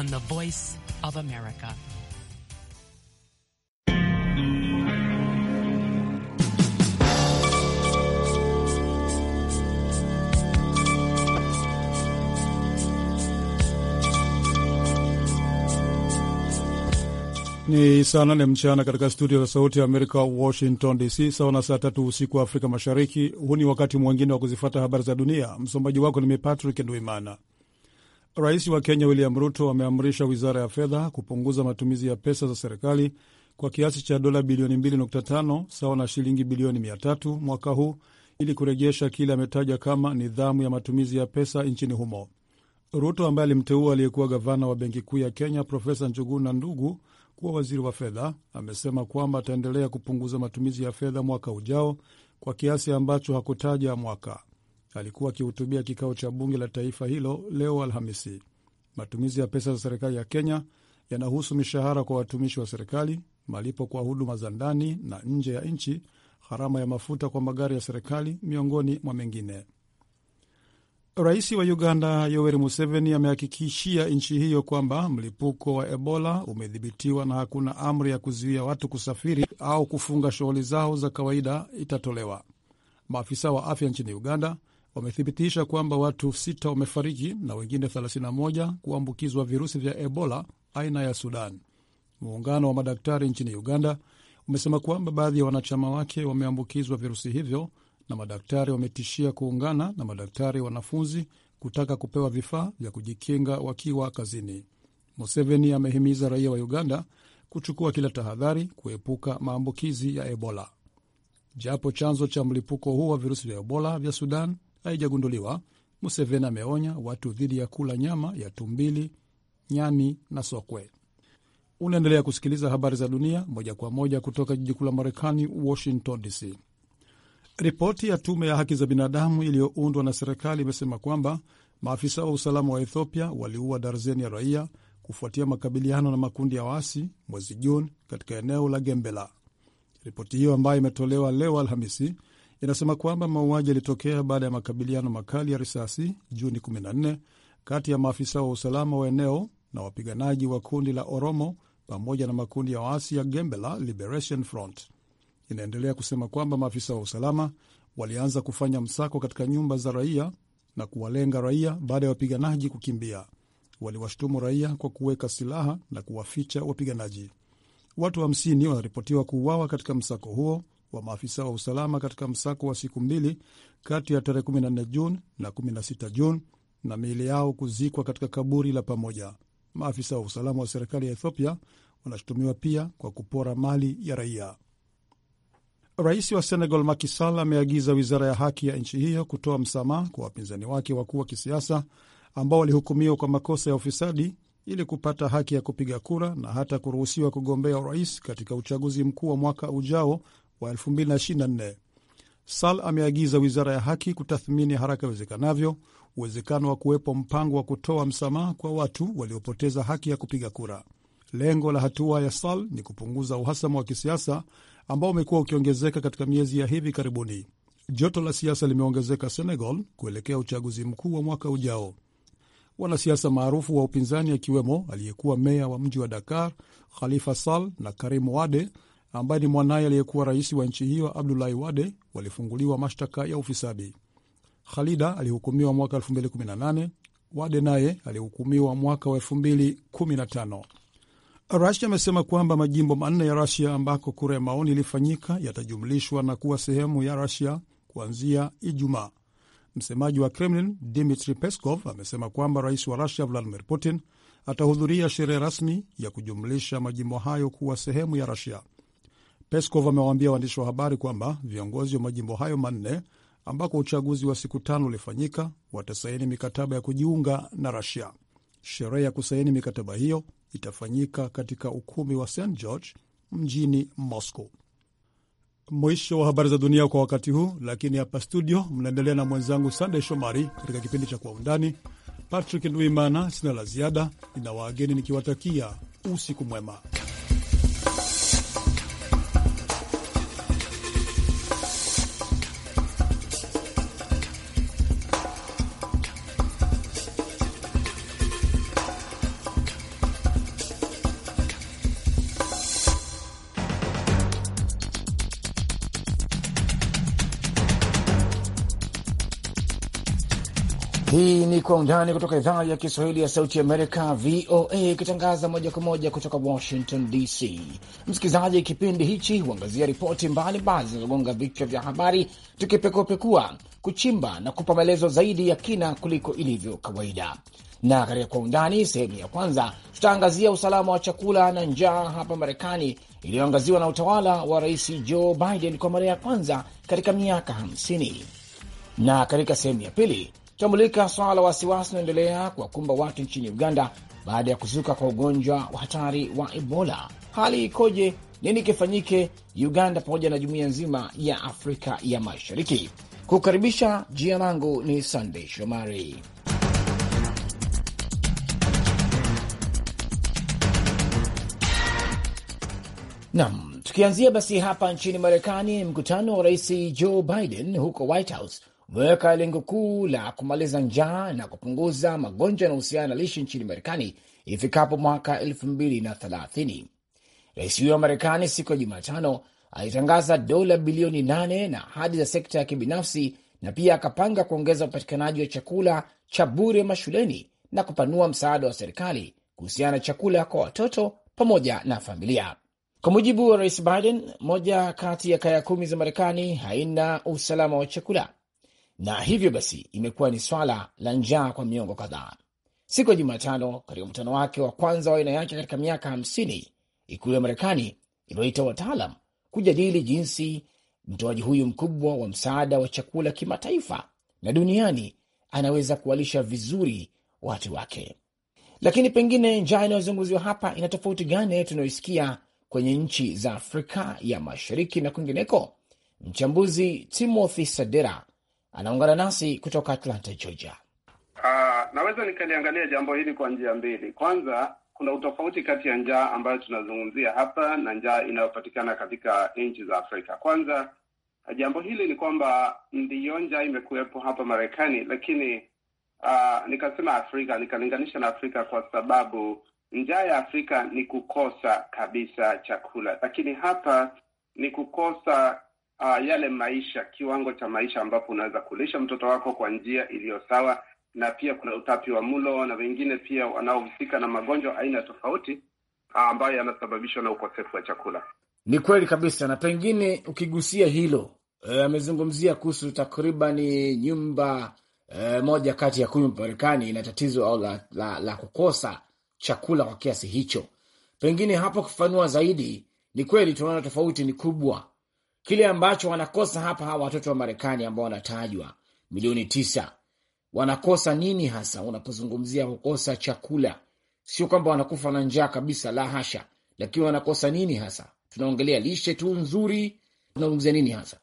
on the Voice of America. Ni saa nane mchana katika studio za Sauti ya Amerika, Washington DC, sawa na saa tatu usiku wa Afrika Mashariki. Huu ni wakati mwingine wa kuzifata habari za dunia. Msomaji wako ni mimi Patrick Rais wa Kenya William Ruto ameamrisha wizara ya fedha kupunguza matumizi ya pesa za serikali kwa kiasi cha dola bilioni 2.5 sawa na shilingi bilioni 300 mwaka huu ili kurejesha kile ametaja kama nidhamu ya matumizi ya pesa nchini humo. Ruto ambaye alimteua aliyekuwa gavana wa benki kuu ya Kenya Profesa Njuguna Ndugu kuwa waziri wa fedha amesema kwamba ataendelea kupunguza matumizi ya fedha mwaka ujao kwa kiasi ambacho hakutaja mwaka alikuwa akihutubia kikao cha bunge la taifa hilo leo Alhamisi. Matumizi ya pesa za serikali ya Kenya yanahusu mishahara kwa watumishi wa serikali, malipo kwa huduma za ndani na nje ya nchi, gharama ya mafuta kwa magari ya serikali, miongoni mwa mengine. Rais wa Uganda Yoweri Museveni amehakikishia nchi hiyo kwamba mlipuko wa Ebola umedhibitiwa na hakuna amri ya kuzuia watu kusafiri au kufunga shughuli zao za kawaida itatolewa. Maafisa wa afya nchini Uganda wamethibitisha kwamba watu sita wamefariki na wengine 31 kuambukizwa virusi vya Ebola aina ya Sudan. Muungano wa madaktari nchini Uganda umesema kwamba baadhi ya wanachama wake wameambukizwa virusi hivyo, na madaktari wametishia kuungana na madaktari wanafunzi kutaka kupewa vifaa vya kujikinga wakiwa kazini. Museveni amehimiza raia wa Uganda kuchukua kila tahadhari kuepuka maambukizi ya Ebola. Japo chanzo cha mlipuko huu wa virusi vya Ebola vya Sudan haijagunduliwa, Museveni ameonya watu dhidi ya kula nyama ya tumbili, nyani na sokwe. Unaendelea kusikiliza habari za dunia moja kwa moja kutoka jiji kuu la Marekani, Washington DC. Ripoti ya tume ya haki za binadamu iliyoundwa na serikali imesema kwamba maafisa wa usalama wa Ethiopia waliua darzeni ya raia kufuatia makabiliano na makundi ya waasi mwezi Juni katika eneo la Gembela. Ripoti hiyo ambayo imetolewa leo Alhamisi inasema kwamba mauaji yalitokea baada ya makabiliano makali ya risasi Juni 14 kati ya maafisa wa usalama wa eneo na wapiganaji wa kundi la Oromo pamoja na makundi ya waasi ya Gembela Liberation Front. Inaendelea kusema kwamba maafisa wa usalama walianza kufanya msako katika nyumba za raia na kuwalenga raia baada ya wapiganaji kukimbia. Waliwashutumu raia kwa kuweka silaha na kuwaficha wapiganaji. Watu hamsini wanaripotiwa kuuawa katika msako huo kwa maafisa wa usalama katika msako wa siku mbili kati ya tarehe 14 Juni na 16 Juni na miili yao kuzikwa katika kaburi la pamoja. Maafisa wa usalama wa serikali ya Ethiopia wanashutumiwa pia kwa kupora mali ya raia. Rais wa Senegal Macky Sall ameagiza wizara ya haki ya nchi hiyo kutoa msamaha kwa wapinzani wake wakuu wa kisiasa ambao walihukumiwa kwa makosa ya ufisadi ili kupata haki ya kupiga kura na hata kuruhusiwa kugombea urais katika uchaguzi mkuu wa mwaka ujao wa 2024. Sal ameagiza wizara ya haki kutathmini haraka iwezekanavyo uwezekano wa kuwepo mpango wa kutoa msamaha kwa watu waliopoteza haki ya kupiga kura. Lengo la hatua ya Sal ni kupunguza uhasama wa kisiasa ambao umekuwa ukiongezeka katika miezi ya hivi karibuni. Joto la siasa limeongezeka Senegal kuelekea uchaguzi mkuu wa mwaka ujao. Wanasiasa maarufu wa upinzani akiwemo aliyekuwa meya wa mji wa Dakar Khalifa Sal na Karim Wade ambaye ni mwanaye aliyekuwa rais wa nchi hiyo Abdulahi Wade walifunguliwa mashtaka ya ufisadi. Khalida alihukumiwa mwaka 2018. Wade naye alihukumiwa mwaka wa 2015. Rasia amesema kwamba majimbo manne ya Rasia ambako kura ya maoni ilifanyika yatajumlishwa na kuwa sehemu ya Rasia kuanzia Ijumaa. Msemaji wa Kremlin Dmitri Peskov amesema kwamba rais wa Rusia Vladimir Putin atahudhuria sherehe rasmi ya kujumlisha majimbo hayo kuwa sehemu ya Rusia. Peskov amewaambia waandishi wa habari kwamba viongozi wa majimbo hayo manne ambako uchaguzi wa siku tano ulifanyika watasaini mikataba ya kujiunga na Rusia. Sherehe ya kusaini mikataba hiyo itafanyika katika ukumbi wa St George mjini Moscow. Mwisho wa habari za dunia kwa wakati huu, lakini hapa studio mnaendelea na mwenzangu Sandey Shomari katika kipindi cha Kwa Undani. Patrick Ndwimana, sina la ziada, ina wageni nikiwatakia usiku mwema. Kwa Undani kutoka idhaa ya Kiswahili ya Sauti Amerika, VOA, ikitangaza moja kwa moja kutoka Washington DC. Msikilizaji, kipindi hichi huangazia ripoti mbalimbali zinazogonga vichwa vya habari, tukipekuapekua, kuchimba na kupa maelezo zaidi ya kina kuliko ilivyo kawaida. Na katika Kwa Undani sehemu ya kwanza, tutaangazia usalama wa chakula na njaa hapa Marekani, iliyoangaziwa na utawala wa Rais Joe Biden kwa mara ya kwanza katika miaka 50. Na katika sehemu ya pili tutamulika swala la wasiwasi unaendelea kuwakumba watu nchini Uganda baada ya kuzuka kwa ugonjwa wa hatari wa Ebola. Hali ikoje? Nini kifanyike Uganda pamoja na jumuiya nzima ya Afrika ya Mashariki? Kukaribisha, jina langu ni Sandey Shomari. Nam, tukianzia basi hapa nchini Marekani, mkutano wa rais Joe Biden huko White House umeweka lengo kuu la kumaliza njaa na kupunguza magonjwa yanahusiana na lishe nchini Marekani ifikapo mwaka 2030. Rais huyo wa Marekani siku ya Jumatano alitangaza dola bilioni 8 na ahadi za sekta ya kibinafsi na pia akapanga kuongeza upatikanaji wa chakula cha bure mashuleni na kupanua msaada wa serikali kuhusiana na chakula kwa watoto pamoja na familia. Kwa mujibu wa rais Biden, moja kati ya kaya kumi za Marekani haina usalama wa chakula, na hivyo basi imekuwa ni swala la njaa kwa miongo kadhaa. Siku ya Jumatano, katika mkutano wake wa kwanza wa aina yake katika miaka hamsini, ikulu ya Marekani imewaita wataalam kujadili jinsi mtoaji huyu mkubwa wa msaada wa chakula kimataifa na duniani anaweza kuwalisha vizuri watu wake. Lakini pengine njaa inayozungumziwa hapa ina tofauti gani tunayoisikia kwenye nchi za Afrika ya Mashariki na kwingineko? Mchambuzi Timothy Sadera anaungana nasi kutoka Atlanta, Georgia. Uh, naweza nikaliangalia jambo hili kwa njia mbili. Kwanza, kuna utofauti kati ya njaa ambayo tunazungumzia hapa na njaa inayopatikana katika nchi za Afrika. Kwanza, jambo hili ni kwamba ndiyo njaa imekuwepo hapa Marekani, lakini uh, nikasema Afrika, nikalinganisha na Afrika kwa sababu njaa ya Afrika ni kukosa kabisa chakula, lakini hapa ni kukosa uh, yale maisha, kiwango cha maisha ambapo unaweza kulisha mtoto wako kwa njia iliyo sawa, na pia kuna utapi wa mlo na wengine pia wanaohusika na magonjwa aina tofauti ah, ambayo yanasababishwa na ukosefu wa chakula. Ni kweli kabisa, na pengine ukigusia hilo eh, amezungumzia uh, kuhusu takribani nyumba uh, moja kati ya kumi Marekani ina tatizo au la, la, la kukosa chakula kwa kiasi hicho. Pengine hapo kufafanua zaidi, ni kweli tunaona tofauti ni kubwa Kile ambacho wanakosa hapa hawa watoto wa Marekani ambao wanatajwa milioni tisa wanakosa nini hasa? Unapozungumzia kukosa chakula, sio kwamba wanakufa na njaa kabisa, la hasha, lakini wanakosa nini hasa? Tunaongelea lishe tu nzuri, tunazungumzia nini hasa?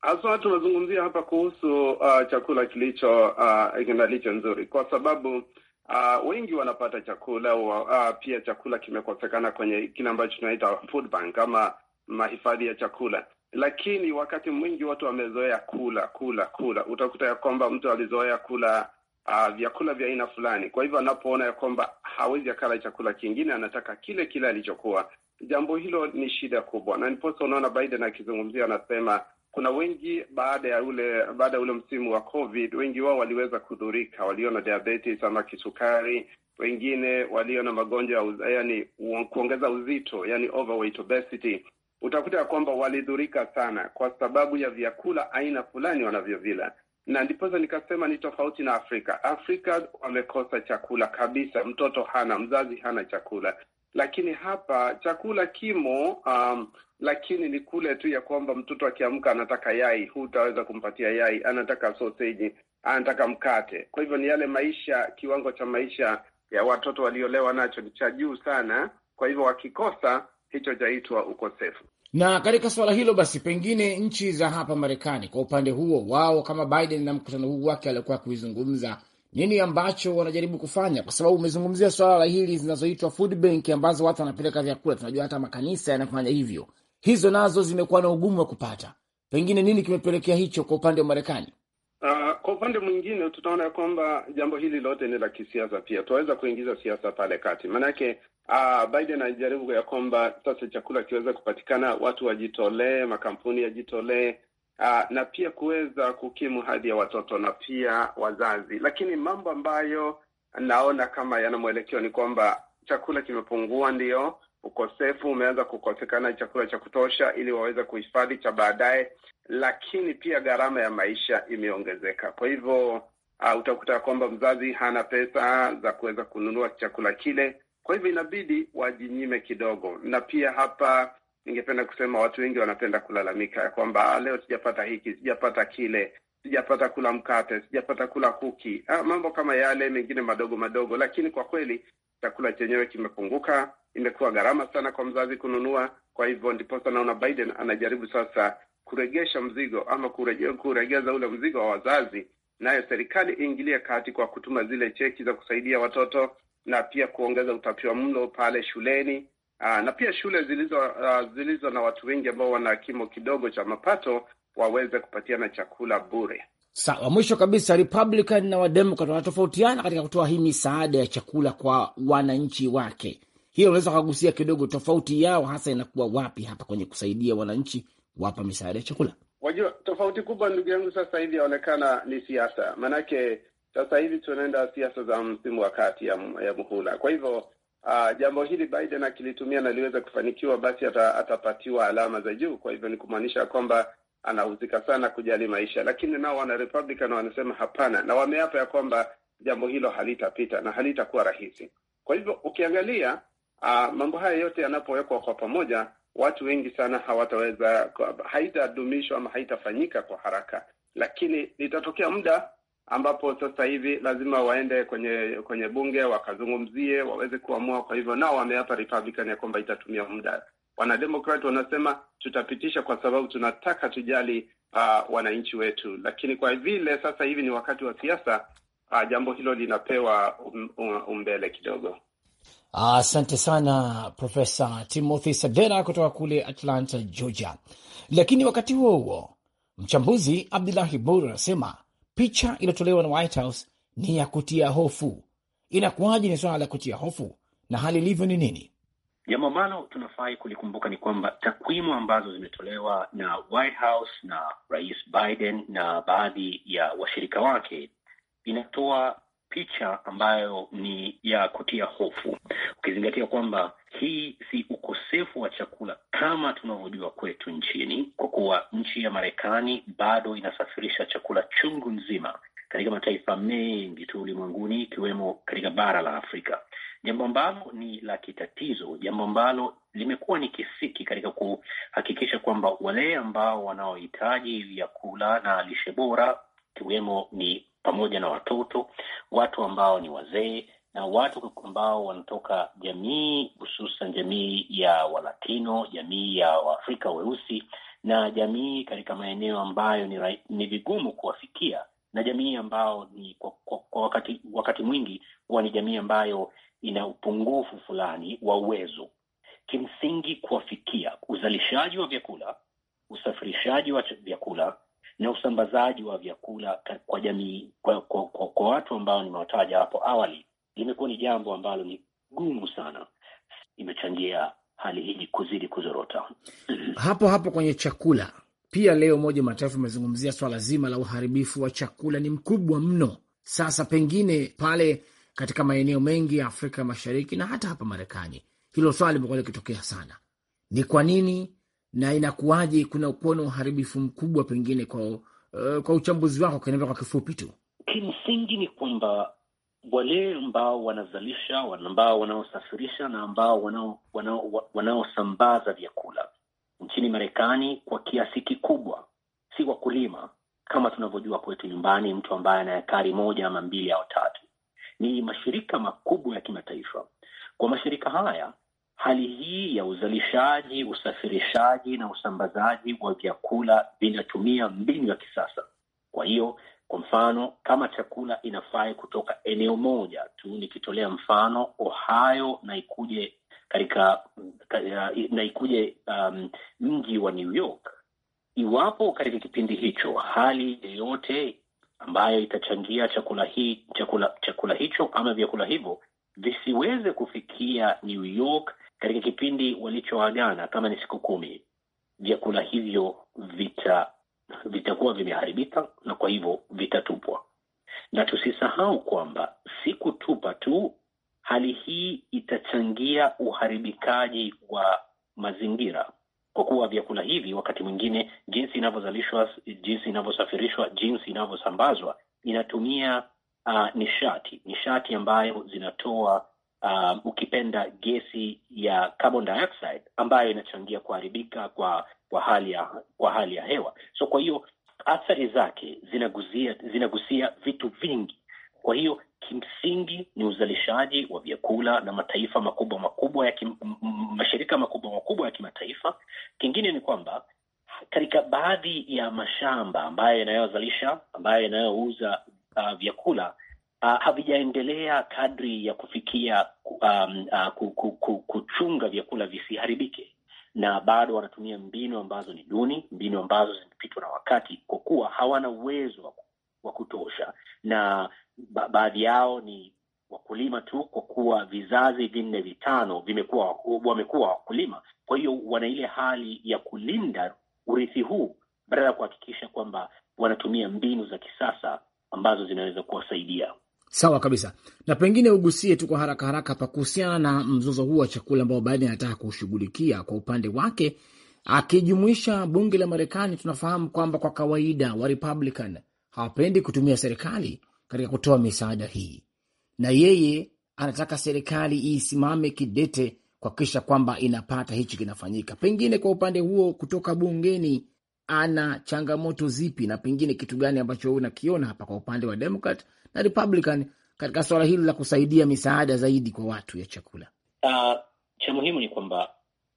Haswa tunazungumzia hapa kuhusu uh, chakula kilicho uh, na lishe nzuri, kwa sababu uh, wengi wanapata chakula uh, pia chakula kimekosekana kwenye kile ambacho tunaita food bank ama mahifadhi ya chakula lakini wakati mwingi watu wamezoea kula kula kula. Utakuta ya kwamba mtu alizoea kula uh, vyakula vya aina fulani, kwa hivyo anapoona ya kwamba hawezi akala chakula kingine, anataka kile kile alichokuwa. Jambo hilo ni shida kubwa, na niposa unaona Biden akizungumzia anasema kuna wengi baada ya ule baada ya ule msimu wa COVID, wengi wao waliweza kudhurika, walio na diabetes ama kisukari, wengine walio na magonjwa yani kuongeza uzito, yani overweight obesity utakuta ya kwamba walidhurika sana kwa sababu ya vyakula aina fulani wanavyovila, na ndiposa nikasema ni tofauti na Afrika. Afrika wamekosa chakula kabisa, mtoto hana, mzazi hana chakula, lakini hapa chakula kimo, um, lakini ni kule tu ya kwamba mtoto akiamka anataka yai, hutaweza kumpatia yai, anataka soseji, anataka mkate. Kwa hivyo ni yale maisha, kiwango cha maisha ya watoto waliolewa nacho ni cha juu sana. Kwa hivyo wakikosa hicho chaitwa ukosefu. Na katika suala hilo basi, pengine nchi za hapa Marekani kwa upande huo wao, kama Biden na mkutano huu wake aliokuwa akuizungumza, nini ambacho wanajaribu kufanya? Kwa sababu umezungumzia suala la hili zinazoitwa food bank ambazo watu wanapeleka vyakula, tunajua hata makanisa yanafanya hivyo, hizo nazo zimekuwa na ugumu wa kupata. Pengine nini kimepelekea hicho kwa upande wa Marekani? Uh, kwa upande mwingine tutaona kwamba jambo hili lote ni la kisiasa pia, tunaweza kuingiza siasa pale kati, maanake uh, Biden anajaribu ya kwamba sasa chakula kiweze kupatikana, watu wajitolee, makampuni yajitolee, uh, na pia kuweza kukimu hadhi ya watoto na pia wazazi. Lakini mambo ambayo naona kama yana mwelekeo ni kwamba chakula kimepungua, ndiyo ukosefu umeanza kukosekana chakula cha kutosha ili waweze kuhifadhi cha baadaye, lakini pia gharama ya maisha imeongezeka. Kwa hivyo uh, utakuta kwamba mzazi hana pesa za kuweza kununua chakula kile, kwa hivyo inabidi wajinyime kidogo. Na pia hapa ningependa kusema watu wengi wanapenda kulalamika ya kwamba ah, leo sijapata hiki, sijapata kile, sijapata kula mkate, sijapata kula kuki, ah, mambo kama yale mengine madogo madogo, lakini kwa kweli chakula chenyewe kimepunguka imekuwa gharama sana kwa mzazi kununua. Kwa hivyo ndiposa naona Biden anajaribu sasa kuregesha mzigo ama kurege, kuregeza ule mzigo wa wazazi, nayo serikali iingilie kati kwa kutuma zile cheki za kusaidia watoto na pia kuongeza utapiwa mlo pale shuleni. Aa, ah, na pia shule zilizo uh, zilizo na watu wengi ambao wana kimo kidogo cha mapato waweze kupatiana chakula bure. Sawa. Mwisho kabisa, Republican na Wademokrat wanatofautiana katika kutoa hii misaada ya chakula kwa wananchi wake. Hiyo unaweza kugusia kidogo, tofauti yao hasa inakuwa wapi hapa kwenye kusaidia wananchi, wapa misaada ya chakula? Wajua, tofauti kubwa ndugu yangu sasa hivi yaonekana ni siasa, maanake sasa hivi tunaenda siasa za msimu wa kati ya, ya muhula. Kwa hivyo uh, jambo hili Biden akilitumia na liweza kufanikiwa, basi ata, atapatiwa alama za juu. Kwa hivyo ni kumaanisha kwamba anahusika sana kujali maisha, lakini nao wana Republican wanasema hapana, na wameapa ya kwamba jambo hilo halitapita na halitakuwa rahisi. Kwa hivyo ukiangalia Uh, mambo haya yote yanapowekwa kwa pamoja, watu wengi sana hawataweza, haitadumishwa ama haitafanyika kwa haraka, lakini litatokea muda ambapo sasa hivi lazima waende kwenye kwenye bunge wakazungumzie, waweze kuamua. Kwa hivyo nao wameapa Republican ya kwamba itatumia muda. Wanademokrat wanasema tutapitisha kwa sababu tunataka tujali uh, wananchi wetu, lakini kwa vile sasa hivi ni wakati wa siasa uh, jambo hilo linapewa um, um, umbele kidogo. Asante sana Profesa Timothy Sadera kutoka kule Atlanta, Georgia. Lakini wakati huo huo, mchambuzi Abdulahi Bur anasema picha iliyotolewa na White House ni ya kutia hofu. Inakuwaje ni swala la kutia hofu na hali ilivyo ni nini? Jambo ambalo tunafai kulikumbuka ni kwamba takwimu ambazo zimetolewa na White House na Rais Biden na baadhi ya washirika wake inatoa picha ambayo ni ya kutia hofu, ukizingatia kwamba hii si ukosefu wa chakula kama tunavyojua kwetu nchini, kwa kuwa nchi ya Marekani bado inasafirisha chakula chungu nzima katika mataifa mengi tu ulimwenguni ikiwemo katika bara la Afrika, jambo ambalo ni la kitatizo, jambo ambalo limekuwa ni kisiki katika kuhakikisha kwamba wale ambao wanaohitaji vyakula na lishe bora ikiwemo ni pamoja na watoto, watu ambao ni wazee na watu ambao wanatoka jamii hususan jamii ya Walatino, jamii ya Waafrika weusi na jamii katika maeneo ambayo ni, ni vigumu kuwafikia na jamii ambao ni kwa, kwa, kwa wakati, wakati mwingi huwa ni jamii ambayo ina upungufu fulani wa uwezo kimsingi kuwafikia uzalishaji wa vyakula, usafirishaji wa vyakula na usambazaji wa vyakula kwa jamii kwa, kwa, kwa, kwa watu ambao nimewataja hapo awali, limekuwa ni jambo ambalo ni gumu sana, imechangia hali hii kuzidi kuzorota. Hapo hapo kwenye chakula pia, leo Umoja Mataifa umezungumzia swala zima la uharibifu wa chakula, ni mkubwa mno. Sasa pengine pale katika maeneo mengi ya Afrika Mashariki na hata hapa Marekani, hilo swala limekuwa likitokea sana. Ni kwa nini na inakuwaje? Kuna kuona na uharibifu mkubwa pengine kwa uh, kwa uchambuzi wako kaniambia kwa kifupi tu. Kimsingi ni kwamba wale ambao wanazalisha, ambao wanaosafirisha na ambao wanaosambaza wanao, wanao vyakula nchini Marekani kwa kiasi kikubwa si wakulima kama tunavyojua kwetu nyumbani, mtu ambaye ana ekari moja ama mbili au tatu. Ni mashirika makubwa ya kimataifa. Kwa mashirika haya Hali hii ya uzalishaji, usafirishaji na usambazaji wa vyakula vinatumia mbinu ya kisasa. Kwa hiyo, kwa mfano, kama chakula inafai kutoka eneo moja tu, nikitolea mfano Ohio na ikuje katika uh, na ikuje um, mji wa New York, iwapo katika kipindi hicho hali yeyote ambayo itachangia chakula hii chakula chakula hicho ama vyakula hivyo visiweze kufikia New York katika kipindi walichoagana kama ni siku kumi, vyakula hivyo vita vitakuwa vimeharibika na kwa hivyo vitatupwa. Na tusisahau kwamba si kutupa tu, hali hii itachangia uharibikaji wa mazingira, kwa kuwa vyakula hivi wakati mwingine, jinsi inavyozalishwa, jinsi inavyosafirishwa, jinsi inavyosambazwa, inatumia uh, nishati nishati ambayo zinatoa uh, ukipenda gesi ya carbon dioxide ambayo inachangia kuharibika kwa kwa hali ya kwa hali ya hewa. So kwa hiyo athari zake zinagusia zinagusia vitu vingi. Kwa hiyo kimsingi ni uzalishaji wa vyakula na mataifa makubwa makubwa ya kim, mashirika makubwa makubwa ya kimataifa. Kingine ni kwamba katika baadhi ya mashamba ambayo yanayozalisha ambayo yanayouza uh, vyakula uh, havijaendelea kadri ya kufikia um, uh, kuchunga vyakula visiharibike, na bado wanatumia mbinu ambazo ni duni, mbinu ambazo zimepitwa na wakati, kwa kuwa hawana uwezo wa kutosha, na ba baadhi yao ni wakulima tu, kwa kuwa vizazi vinne vitano vimekuwa wamekuwa wakulima. Kwa hiyo wana ile hali ya kulinda urithi huu badala ya kuhakikisha kwamba wanatumia mbinu za kisasa ambazo zinaweza kuwasaidia. Sawa kabisa, na pengine ugusie tu kwa haraka haraka pa kuhusiana na mzozo huu wa chakula ambao Biden anataka kuushughulikia kwa upande wake akijumuisha bunge la Marekani. Tunafahamu kwamba kwa kawaida wa Republican hawapendi kutumia serikali katika kutoa misaada hii, na yeye anataka serikali isimame kidete kuhakikisha kwamba inapata hichi kinafanyika. Pengine kwa upande huo kutoka bungeni ana changamoto zipi, na pengine kitu gani ambacho unakiona hapa kwa upande wa Democrat na Republican katika suala hili la kusaidia misaada zaidi kwa watu ya chakula? Uh, cha muhimu ni kwamba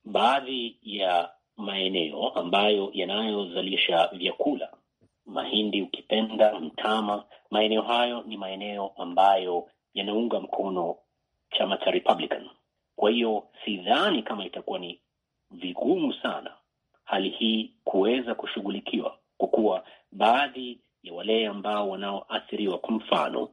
baadhi ya maeneo ambayo yanayozalisha vyakula mahindi, ukipenda mtama, maeneo hayo ni maeneo ambayo yanaunga mkono chama cha Republican. Kwa hiyo sidhani kama itakuwa ni vigumu sana hali hii kuweza kushughulikiwa, kwa kuwa baadhi ya wale ambao wanaoathiriwa, kwa mfano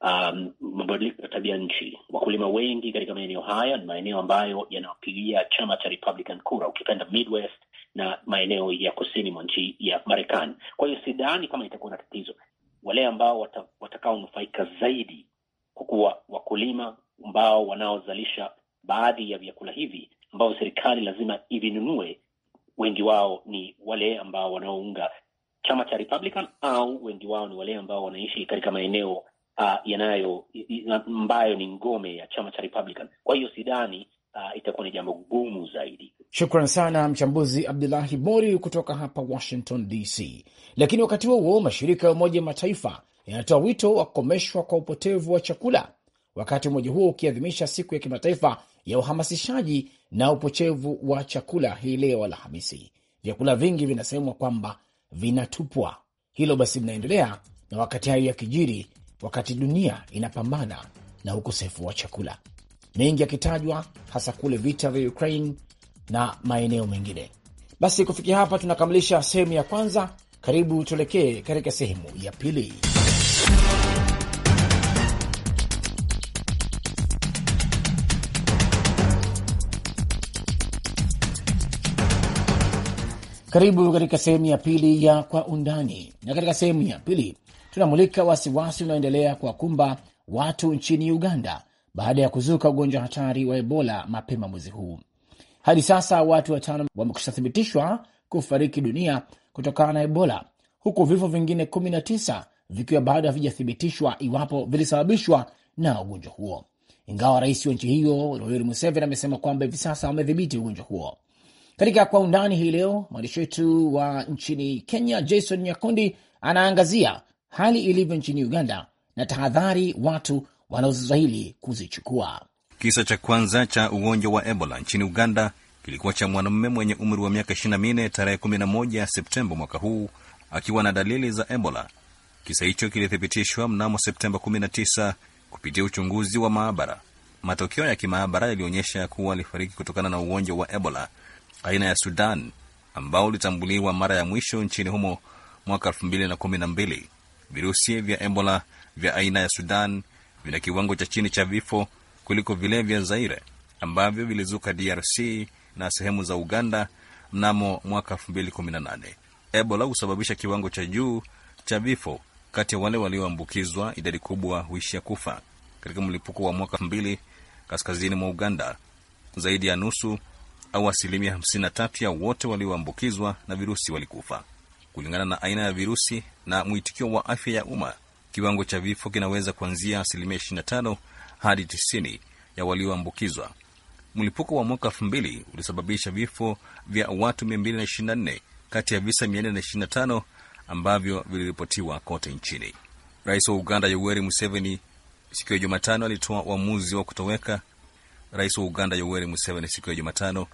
um, mabadiliko ya tabia nchi. Wakulima wengi katika maeneo haya ni maeneo ambayo yanawapigia chama cha Republican kura, ukipenda Midwest na maeneo ya kusini mwa nchi ya Marekani. Kwa hiyo sidhani kama itakuwa na tatizo. Wale ambao watakaonufaika zaidi, kwa kuwa wakulima ambao wanaozalisha baadhi ya vyakula hivi ambao serikali lazima ivinunue wengi wao ni wale ambao wanaounga chama cha Republican au wengi wao ni wale ambao wanaishi katika maeneo uh, yanayo ambayo ni ngome ya chama cha Republican. Kwa hiyo sidhani uh, itakuwa ni jambo gumu zaidi. Shukran sana mchambuzi Abdullahi Mori kutoka hapa Washington DC. Lakini wakati huo huo, mashirika ya Umoja Mataifa yanatoa wito wa kukomeshwa kwa upotevu wa chakula, wakati umoja huo ukiadhimisha siku ya kimataifa ya uhamasishaji na upochevu wa chakula hii leo Alhamisi. Vyakula vingi vinasemwa kwamba vinatupwa. Hilo basi linaendelea, na wakati hayo yakijiri, wakati dunia inapambana na ukosefu wa chakula, mengi yakitajwa, hasa kule vita vya Ukraine na maeneo mengine. Basi kufikia hapa tunakamilisha sehemu ya kwanza. Karibu tuelekee katika sehemu ya pili. Karibu katika sehemu ya pili ya Kwa Undani, na katika sehemu ya pili tunamulika wasiwasi unaoendelea kuwakumba watu nchini Uganda baada ya kuzuka ugonjwa hatari wa Ebola mapema mwezi huu. Hadi sasa watu watano wamekushathibitishwa kufariki dunia kutokana na Ebola, huku vifo vingine 19 vikiwa bado havijathibitishwa iwapo vilisababishwa na ugonjwa huo, ingawa rais wa nchi hiyo Yoweri Museveni amesema kwamba hivi sasa wamedhibiti ugonjwa huo. Katika kwa undani hii leo, mwandishi wetu wa nchini Kenya Jason Nyakundi anaangazia hali ilivyo nchini Uganda na tahadhari watu wanaozistahili kuzichukua. Kisa cha kwanza cha ugonjwa wa Ebola nchini Uganda kilikuwa cha mwanamume mwenye umri wa miaka 24 tarehe 11 Septemba mwaka huu akiwa na dalili za Ebola. Kisa hicho kilithibitishwa mnamo Septemba 19 kupitia uchunguzi wa maabara. Matokeo ya kimaabara yalionyesha kuwa alifariki kutokana na ugonjwa wa Ebola aina ya Sudan ambao ulitambuliwa mara ya mwisho nchini humo mwaka 2012. Virusi vya Ebola vya aina ya Sudan vina kiwango cha chini cha vifo kuliko vile vya Zaire ambavyo vilizuka DRC na sehemu za Uganda mnamo mwaka 218 Ebola husababisha kiwango cha juu cha vifo. Kati ya wale walioambukizwa, idadi kubwa huishia kufa. Katika mlipuko wa mwaka 2000 kaskazini mwa Uganda, zaidi ya nusu au asilimia 53 ya wote walioambukizwa na virusi walikufa. Kulingana na aina ya virusi na mwitikio wa afya ya umma, kiwango cha vifo kinaweza kuanzia asilimia 25 hadi 90 ya walioambukizwa. Mlipuko wa mwaka 2000 ulisababisha vifo vya watu 224 kati ya visa 425 ambavyo viliripotiwa kote nchini. Rais wa Uganda Yoweri Museveni siku ya Jumatano alitoa uamuzi wa kutoweka. Rais wa Uganda Yoweri Museveni siku ya Jumatano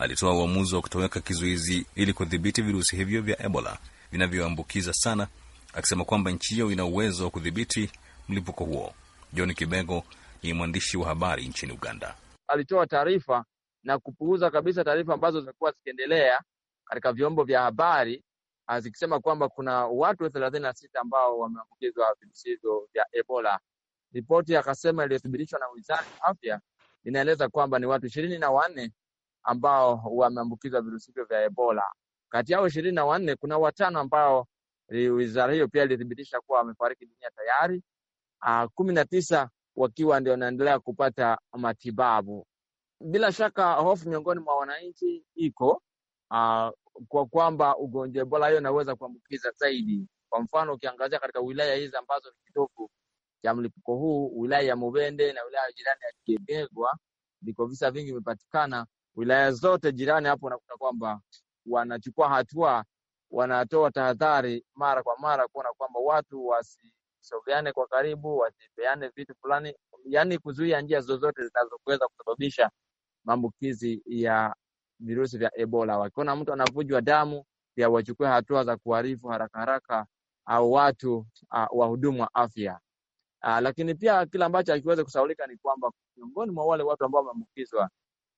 alitoa uamuzi wa kutoweka kizuizi ili kudhibiti virusi hivyo vya Ebola vinavyoambukiza sana, akisema kwamba nchi hiyo ina uwezo wa kudhibiti mlipuko huo. John Kibego ni mwandishi wa habari nchini Uganda. Alitoa taarifa na kupuuza kabisa taarifa ambazo zimekuwa zikiendelea katika vyombo vya habari zikisema kwamba kuna watu thelathini na sita ambao wameambukizwa virusi hivyo vya Ebola. Ripoti akasema iliyothibitishwa na wizara ya afya inaeleza kwamba ni watu ishirini na wanne ambao wameambukizwa virusi hivyo vya Ebola. Kati yao ishirini na wanne kuna watano ambao wizara hiyo pia ilithibitisha kuwa wamefariki dunia tayari, kumi na tisa wakiwa ndio wanaendelea kupata matibabu. Bila shaka hofu miongoni mwa wananchi iko aa, kwa kwamba ugonjwa Ebola hiyo inaweza kuambukiza zaidi. Kwa mfano ukiangazia katika wilaya hizi ambazo ni kitovu cha mlipuko huu, wilaya ya Mubende na wilaya jirani ya Kigegegwa, viko visa vingi vimepatikana, wilaya zote jirani hapo, unakuta kwamba wanachukua hatua, wanatoa tahadhari mara kwa mara kuona kwamba watu wasisogeane kwa karibu, wasipeane vitu fulani, yaani kuzuia njia zozote zinazoweza kusababisha maambukizi ya virusi vya Ebola. Wakiona mtu anavujwa damu, pia wachukue hatua za kuharifu haraka haraka au watu uh, wahudumu wa afya uh, lakini pia kile ambacho akiweza kusaulika ni kwamba miongoni mwa wale watu ambao wameambukizwa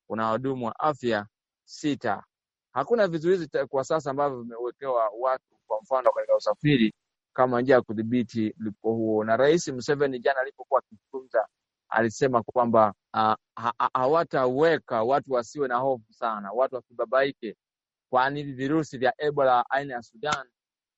kuna wahudumu wa afya sita. Hakuna vizuizi kwa sasa ambavyo vimewekewa watu, kwa mfano katika usafiri, kama njia ya kudhibiti mlipuko huo. Na Rais Museveni jana alipokuwa akizungumza alisema kwamba hawataweka watu wasiwe na hofu sana, watu wasibabaike, kwani hivi virusi vya Ebola aina ya Sudan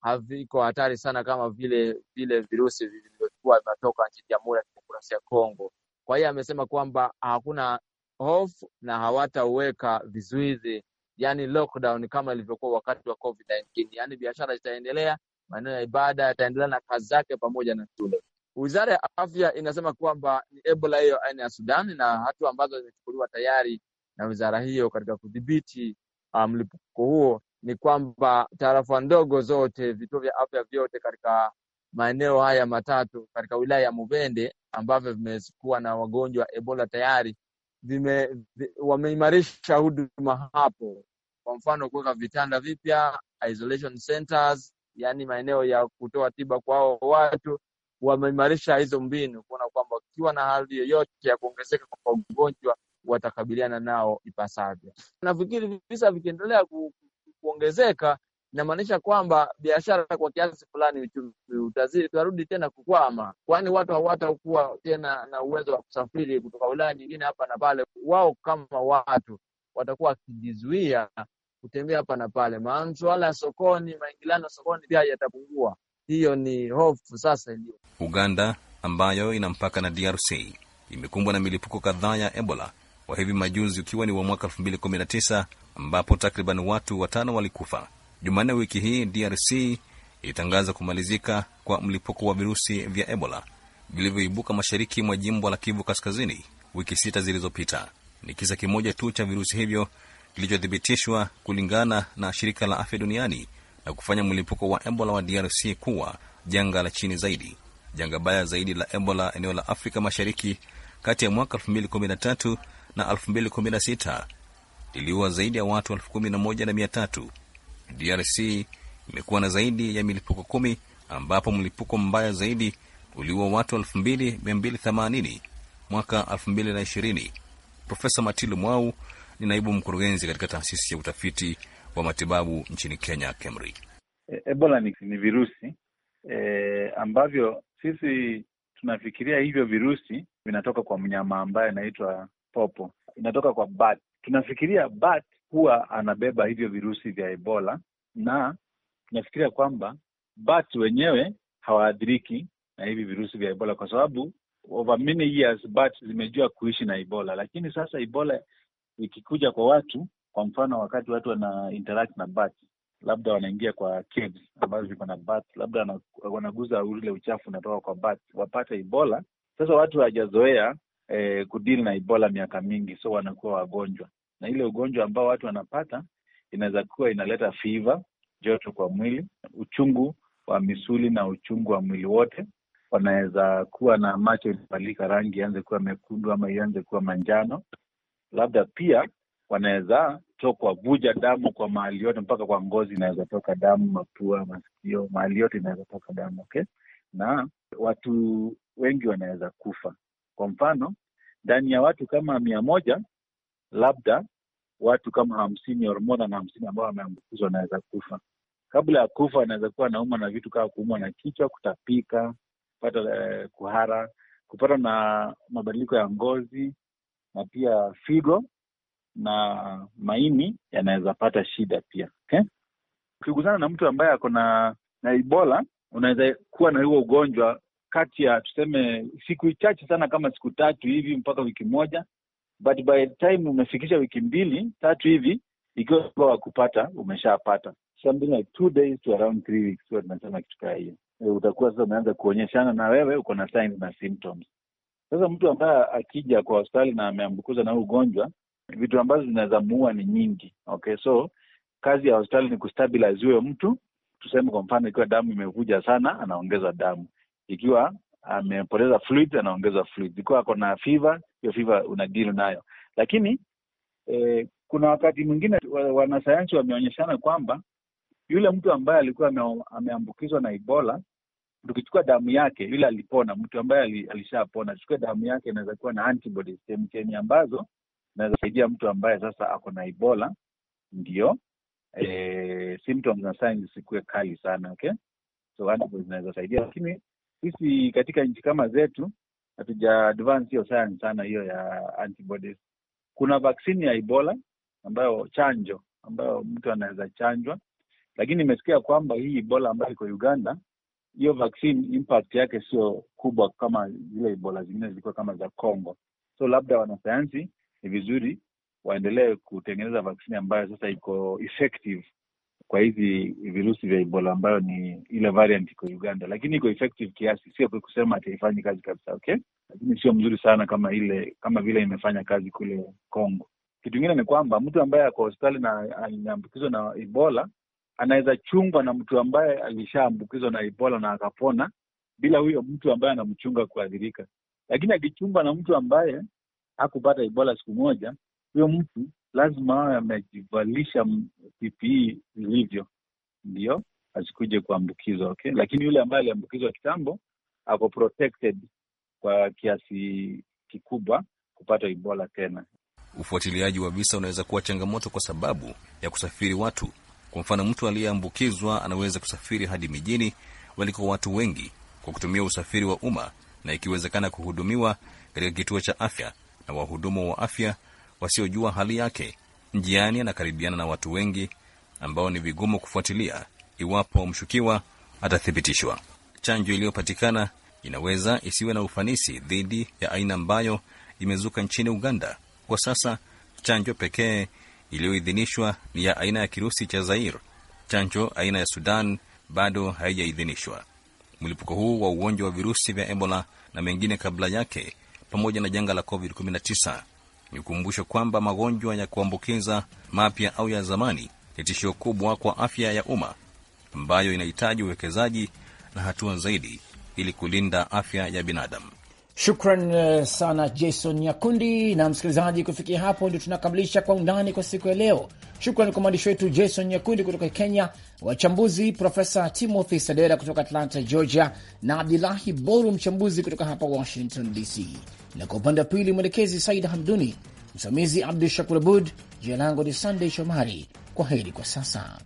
haviko hatari sana kama vile vile virusi vilivyokuwa vinatoka nchini Jamhuri ya Kidemokrasia ya Kongo. Kwa hiyo amesema kwamba hakuna hofu na hawataweka vizuizi, yani lockdown kama ilivyokuwa wakati wa COVID-19. Yani biashara zitaendelea, maeneo ya ibada yataendelea na kazi zake pamoja na shule. Wizara ya afya inasema kwamba ni Ebola hiyo aina ya Sudan na hatua ambazo zimechukuliwa tayari na wizara hiyo katika kudhibiti ah, mlipuko um, huo ni kwamba taarafa ndogo zote, vituo vya afya vyote katika maeneo haya matatu katika wilaya ya Mubende ambavyo vimekuwa na wagonjwa wa Ebola tayari vime, wameimarisha huduma hapo, kwa mfano kuweka vitanda vipya, isolation centers, yani maeneo ya kutoa tiba kwa hao watu. Wameimarisha hizo mbinu kuona kwamba wakiwa na hali yoyote ya kuongezeka kwa ugonjwa watakabiliana nao ipasavyo. Nafikiri visa vikiendelea ku, kuongezeka inamaanisha kwamba biashara kwa kiasi fulani uchumi utazidi utarudi tena kukwama, kwani watu hawatakuwa tena na uwezo wa kusafiri kutoka wilaya nyingine hapa na pale. Wao kama watu watakuwa wakijizuia kutembea hapa na pale, masuala ya sokoni, maingiliano sokoni pia yatapungua. Hiyo ni hofu sasa iliyo. Uganda ambayo ina mpaka na DRC imekumbwa na milipuko kadhaa ya Ebola wa hivi majuzi ukiwa ni wa mwaka 2019 ambapo takriban watu watano walikufa. Jumanne wiki hii DRC ilitangaza kumalizika kwa mlipuko wa virusi vya Ebola vilivyoibuka mashariki mwa jimbo la Kivu Kaskazini wiki sita zilizopita. Ni kisa kimoja tu cha virusi hivyo kilichothibitishwa kulingana na shirika la afya duniani na kufanya mlipuko wa Ebola wa DRC kuwa janga la chini zaidi. Janga baya zaidi la Ebola eneo la Afrika Mashariki kati ya mwaka 2013 na 2016 liliua zaidi ya watu 11,300 DRC imekuwa na zaidi ya milipuko kumi ambapo mlipuko mbaya zaidi uliua watu 2280 mwaka 2020. Profesa Matilu Mwau ni naibu mkurugenzi katika taasisi ya utafiti wa matibabu nchini Kenya, KEMRI. Ebola e, ni, ni virusi e, ambavyo sisi tunafikiria hivyo virusi vinatoka kwa mnyama ambaye anaitwa popo, inatoka kwa bat. Tunafikiria bat huwa anabeba hivyo virusi vya Ebola, na nafikiria kwamba bat wenyewe hawaadhiriki na hivi virusi vya Ebola kwa sababu over many years zimejua kuishi na Ebola, lakini sasa Ebola ikikuja kwa watu, kwa mfano wakati watu wana interact na bat, labda wanaingia kwa caves ambazo ziko na bat, labda wanaguza ule uchafu unatoka kwa bat, wapate Ebola. Sasa watu hawajazoea eh, kudili na Ebola miaka mingi, so wanakuwa wagonjwa na ile ugonjwa ambao watu wanapata inaweza kuwa inaleta fiva, joto kwa mwili, uchungu wa misuli na uchungu wa mwili wote. Wanaweza kuwa na macho ilibadilika rangi, ianze kuwa mekundu ama ianze kuwa manjano. Labda pia wanaweza tokwa vuja damu kwa mahali yote, mpaka kwa ngozi inaweza toka damu, mapua, masikio, mahali yote inaweza toka damu okay? na watu wengi wanaweza kufa. Kwa mfano, ndani ya watu kama mia moja labda watu kama hamsini au more than hamsini ambao wameambukizwa wanaweza kufa. Kabla ya kufa, anaweza kuwa anaumwa na vitu kama kuumwa na kichwa, kutapika, kupata eh, kuhara, kupata na mabadiliko ya ngozi na pia figo na maini yanaweza pata shida pia okay? Ukigusana na mtu ambaye ako na na Ebola unaweza kuwa na huo ugonjwa kati ya tuseme siku chache sana kama siku tatu hivi mpaka wiki moja, but by the time umefikisha wiki mbili tatu hivi ikiwa wa kupata umeshapata something like two days to around three weeks so tunasema kitu kaa hiyo eh, utakuwa sasa umeanza kuonyeshana na wewe uko na signs na symptoms sasa mtu ambaye akija kwa hospitali na ameambukiza na ugonjwa vitu ambazo zinaweza muua ni nyingi okay so kazi ya hospitali ni kustabilize huyo mtu tuseme kwa mfano ikiwa damu imevuja sana anaongeza damu ikiwa amepoteza fluid, anaongeza fluid. Ikiwa ako na fever, hiyo fever una deal nayo, lakini eh, kuna wakati mwingine wanasayansi wameonyeshana kwamba yule mtu ambaye alikuwa ameambukizwa na Ebola, tukichukua damu yake, yule alipona, mtu ambaye alishapona, tuchukue damu yake, inaweza kuwa na antibodies chemchemi ambazo inaweza saidia mtu ambaye sasa ako na Ebola ndio e, symptoms na signs zisikuwe kali sana okay? So antibodies zinaweza saidia, lakini sisi katika nchi kama zetu hatuja advance hiyo science sana hiyo ya antibodies. Kuna vaksini ya Ebola ambayo chanjo ambayo mtu anaweza chanjwa, lakini nimesikia kwamba hii Ebola ambayo iko Uganda, hiyo vaccine impact yake sio kubwa kama zile Ebola zingine zilikuwa kama za Congo. So labda wanasayansi ni vizuri waendelee kutengeneza vaksini ambayo sasa iko effective kwa hizi virusi vya Ebola ambayo ni ile variant iko Uganda, lakini iko effective kiasi, sio kusema ataifanyi kazi kabisa, okay, lakini sio mzuri sana kama ile kama vile imefanya kazi kule Congo. Kitu ingine ni kwamba mtu ambaye ako hospitali na aliambukizwa na Ebola anaweza chungwa na mtu ambaye alishaambukizwa na Ebola na akapona bila huyo mtu ambaye anamchunga kuadhirika, lakini akichungwa na mtu ambaye hakupata Ebola siku moja, huyo mtu lazima awe amejivalisha PPE vilivyo, ndio asikuje kuambukizwa. Okay, lakini yule ambaye aliambukizwa kitambo ako protected kwa kiasi kikubwa kupata Ebola tena. Ufuatiliaji wa visa unaweza kuwa changamoto kwa sababu ya kusafiri watu. Kwa mfano, mtu aliyeambukizwa anaweza kusafiri hadi mijini waliko watu wengi kwa kutumia usafiri wa umma na ikiwezekana kuhudumiwa katika kituo cha afya na wahudumu wa afya wasiojua hali yake. Njiani anakaribiana na watu wengi ambao ni vigumu kufuatilia iwapo mshukiwa atathibitishwa. Chanjo iliyopatikana inaweza isiwe na ufanisi dhidi ya aina ambayo imezuka nchini Uganda. Kwa sasa chanjo pekee iliyoidhinishwa ni ya aina ya kirusi cha Zair. Chanjo aina ya Sudan bado haijaidhinishwa. Mlipuko huu wa ugonjwa wa virusi vya Ebola na mengine kabla yake, pamoja na janga la COVID-19 ni kukumbusha kwamba magonjwa ya kuambukiza mapya au ya zamani ni tishio kubwa kwa afya ya umma ambayo inahitaji uwekezaji na hatua zaidi ili kulinda afya ya binadamu. Shukran eh, sana Jason Nyakundi. Na msikilizaji, kufikia hapo ndio tunakamilisha Kwa Undani kwa siku ya leo. Shukran kwa mwandishi wetu Jason Nyakundi kutoka Kenya, wachambuzi Profesa Timothy Sadera kutoka Atlanta, Georgia, na Abdulahi Boru, mchambuzi kutoka hapa Washington DC, na kwa upande wa pili mwelekezi said Hamduni, msimamizi Abdu Shakur Abud. Jina langu ni Sandey Shomari. Kwa heri kwa sasa.